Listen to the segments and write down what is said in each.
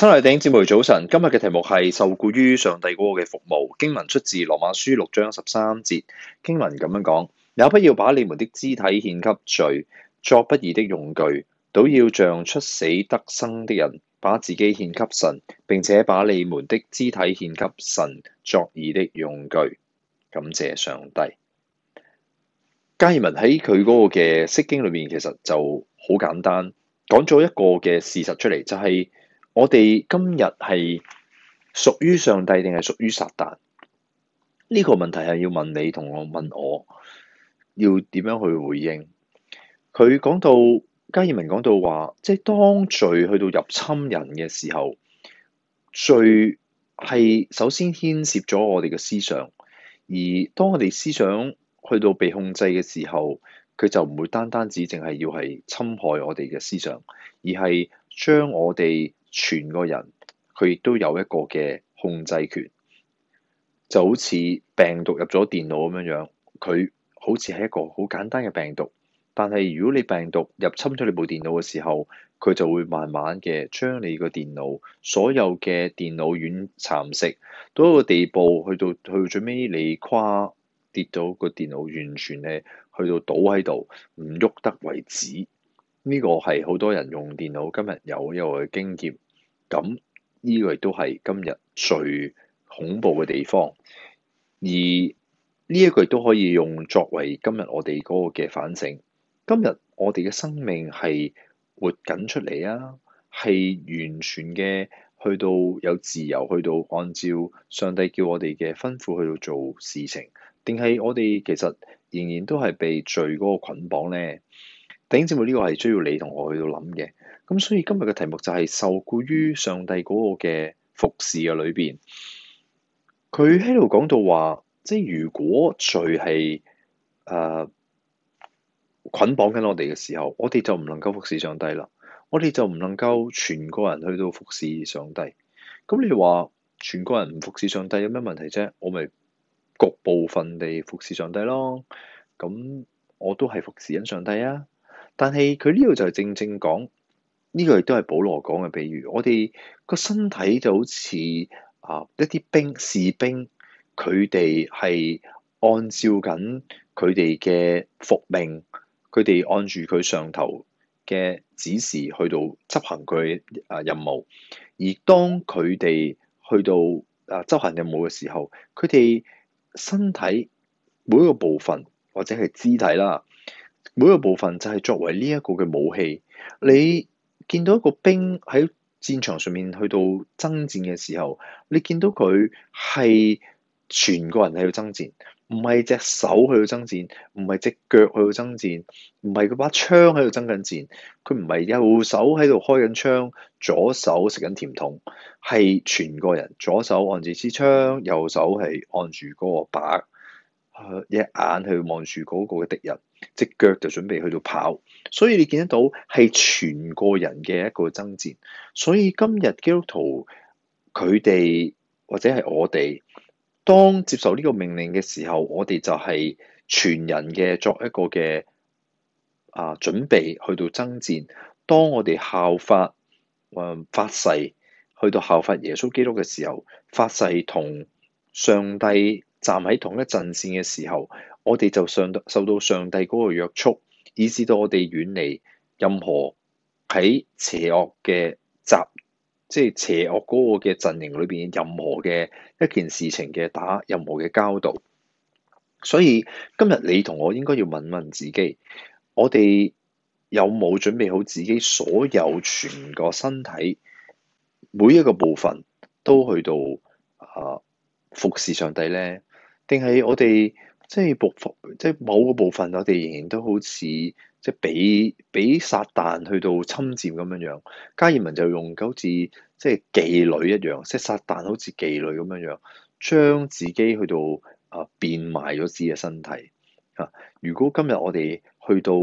親愛的弟兄姊妹，早晨。今日嘅題目係受雇於上帝嗰個嘅服務。經文出自羅馬書六章十三節。經文咁樣講：也不要把你們的肢體獻給罪，作不義的用具，倒要像出死得生的人，把自己獻給神，並且把你們的肢體獻給神作義的用具。感謝上帝。加爾文喺佢嗰個嘅釋經裏面其實就好簡單講咗一個嘅事實出嚟，就係、是。我哋今日係屬於上帝定係屬於撒旦？呢個問題係要問你同我問我，要點樣去回應？佢講到，加爾文講到話，即係當罪去到入侵人嘅時候，罪係首先牽涉咗我哋嘅思想；而當我哋思想去到被控制嘅時候，佢就唔會單單只淨係要係侵害我哋嘅思想，而係將我哋，全個人佢亦都有一個嘅控制權，就好似病毒入咗電腦咁樣樣，佢好似係一個好簡單嘅病毒，但係如果你病毒入侵咗你部電腦嘅時候，佢就會慢慢嘅將你個電腦所有嘅電腦軟蠶食到一個地步，去到去最尾你跨跌到個電腦完全係去到倒喺度唔喐得為止。呢個係好多人用電腦今日有一個嘅經驗，咁呢個亦都係今日最恐怖嘅地方。而呢一個亦都可以用作為今日我哋嗰個嘅反省。今日我哋嘅生命係活緊出嚟啊，係完全嘅去到有自由，去到按照上帝叫我哋嘅吩咐去到做事情，定係我哋其實仍然都係被罪嗰個捆綁咧？頂節目呢個係需要你同我去到諗嘅，咁所以今日嘅題目就係受僱於上帝嗰個嘅服侍嘅裏邊。佢喺度講到話，即係如果罪係誒、呃、捆綁緊我哋嘅時候，我哋就唔能夠服侍上帝啦。我哋就唔能夠全個人去到服侍上帝。咁你話全個人唔服侍上帝有咩問題啫？我咪局部份地服侍上帝咯。咁我都係服侍緊上帝啊。但係佢呢度就係正正講呢個，亦都係保羅講嘅，比如我哋個身體就好似啊一啲兵、士兵，佢哋係按照緊佢哋嘅服命，佢哋按住佢上頭嘅指示去到執行佢啊任務。而當佢哋去到啊執行任務嘅時候，佢哋身體每一個部分或者係肢體啦。每個部分就係作為呢一個嘅武器。你見到一個兵喺戰場上面去到爭戰嘅時候，你見到佢係全個人喺度爭戰，唔係隻手去到爭戰，唔係隻腳去到爭戰，唔係佢把槍喺度爭緊戰。佢唔係右手喺度開緊槍，左手食緊甜筒，係全個人左手按住支槍，右手係按住嗰個把，呃，一眼去望住嗰個嘅敵人。隻腳就準備去到跑，所以你見得到係全個人嘅一個爭戰。所以今日基督徒佢哋或者係我哋，當接受呢個命令嘅時候，我哋就係全人嘅作一個嘅啊，準備去到爭戰。當我哋效法誒發誓、嗯、去到效法耶穌基督嘅時候，發誓同上帝站喺同一陣線嘅時候。我哋就上受到上帝嗰個約束，以至到我哋遠離任何喺邪惡嘅集，即係邪惡嗰個嘅陣營裏邊任何嘅一件事情嘅打任何嘅交道。所以今日你同我應該要問問自己，我哋有冇準備好自己所有全個身體每一個部分都去到啊、呃、服侍上帝咧？定係我哋？即係部即係某個部分，我哋仍然都好似即係俾俾撒旦去到侵佔咁樣樣。加爾文就用好似即係妓女一樣，即係撒旦好似妓女咁樣樣，將自己去到啊變賣咗自己嘅身體啊。如果今日我哋去到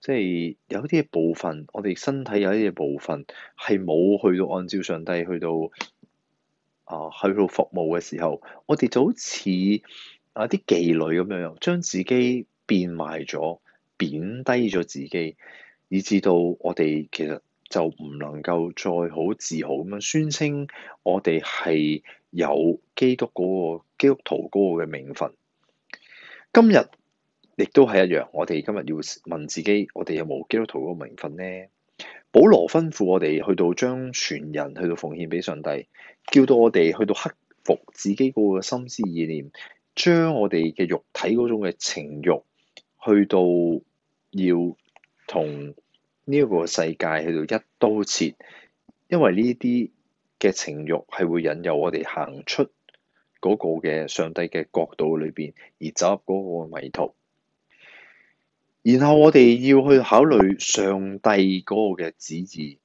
即係有啲部分，我哋身體有啲嘢部分係冇去到按照上帝去到啊去到服務嘅時候，我哋就好似。啊！啲妓女咁樣樣，將自己變賣咗，貶低咗自己，以致到我哋其實就唔能夠再好自豪咁樣宣稱我哋係有基督嗰個基督徒嗰個嘅名分。今日亦都係一樣，我哋今日要問自己，我哋有冇基督徒嗰個名分呢？保羅吩咐我哋去到將全人去到奉獻俾上帝，叫到我哋去到克服自己個心思意念。將我哋嘅肉體嗰種嘅情欲，去到要同呢一個世界去到一刀切，因為呢啲嘅情欲係會引誘我哋行出嗰個嘅上帝嘅國度裏邊，而走入嗰個迷途。然後我哋要去考慮上帝嗰個嘅旨意。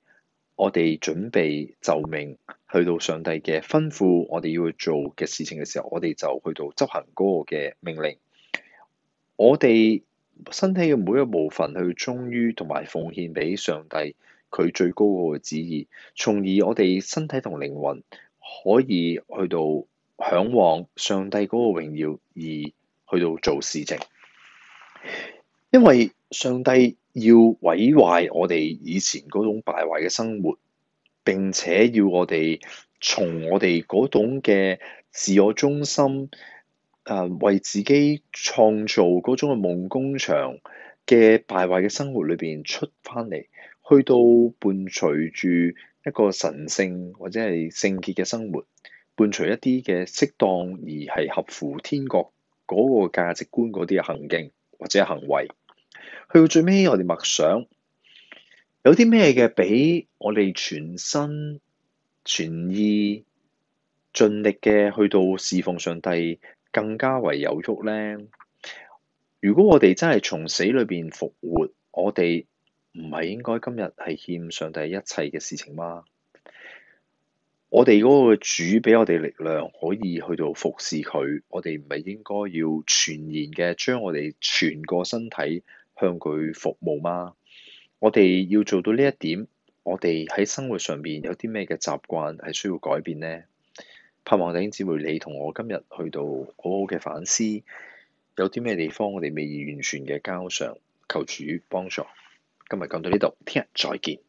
我哋準備就命去到上帝嘅吩咐，我哋要去做嘅事情嘅時候，我哋就去到執行嗰個嘅命令。我哋身體嘅每一個部分去忠於同埋奉獻俾上帝佢最高嗰個旨意，從而我哋身體同靈魂可以去到嚮往上帝嗰個榮耀而去到做事情，因為上帝。要毀壞我哋以前嗰種敗壞嘅生活，並且要我哋從我哋嗰種嘅自我中心，誒、呃、為自己創造嗰種嘅夢工場嘅敗壞嘅生活裏邊出翻嚟，去到伴隨住一個神聖或者係聖潔嘅生活，伴隨一啲嘅適當而係合乎天國嗰個價值觀嗰啲嘅行徑或者行為。到去到最尾，我哋默想有啲咩嘅比我哋全身全意盡力嘅去到侍奉上帝更加為有益咧？如果我哋真係從死裏邊復活，我哋唔係應該今日係欠上帝一切嘅事情嗎？我哋嗰個主俾我哋力量，可以去到服侍佢，我哋唔係應該要全然嘅將我哋全個身體，向佢服務嗎？我哋要做到呢一點，我哋喺生活上面有啲咩嘅習慣係需要改變呢？盼望弟兄姊妹你同我今日去到好好嘅反思，有啲咩地方我哋未完全嘅交上，求主幫助。今日講到呢度，聽日再見。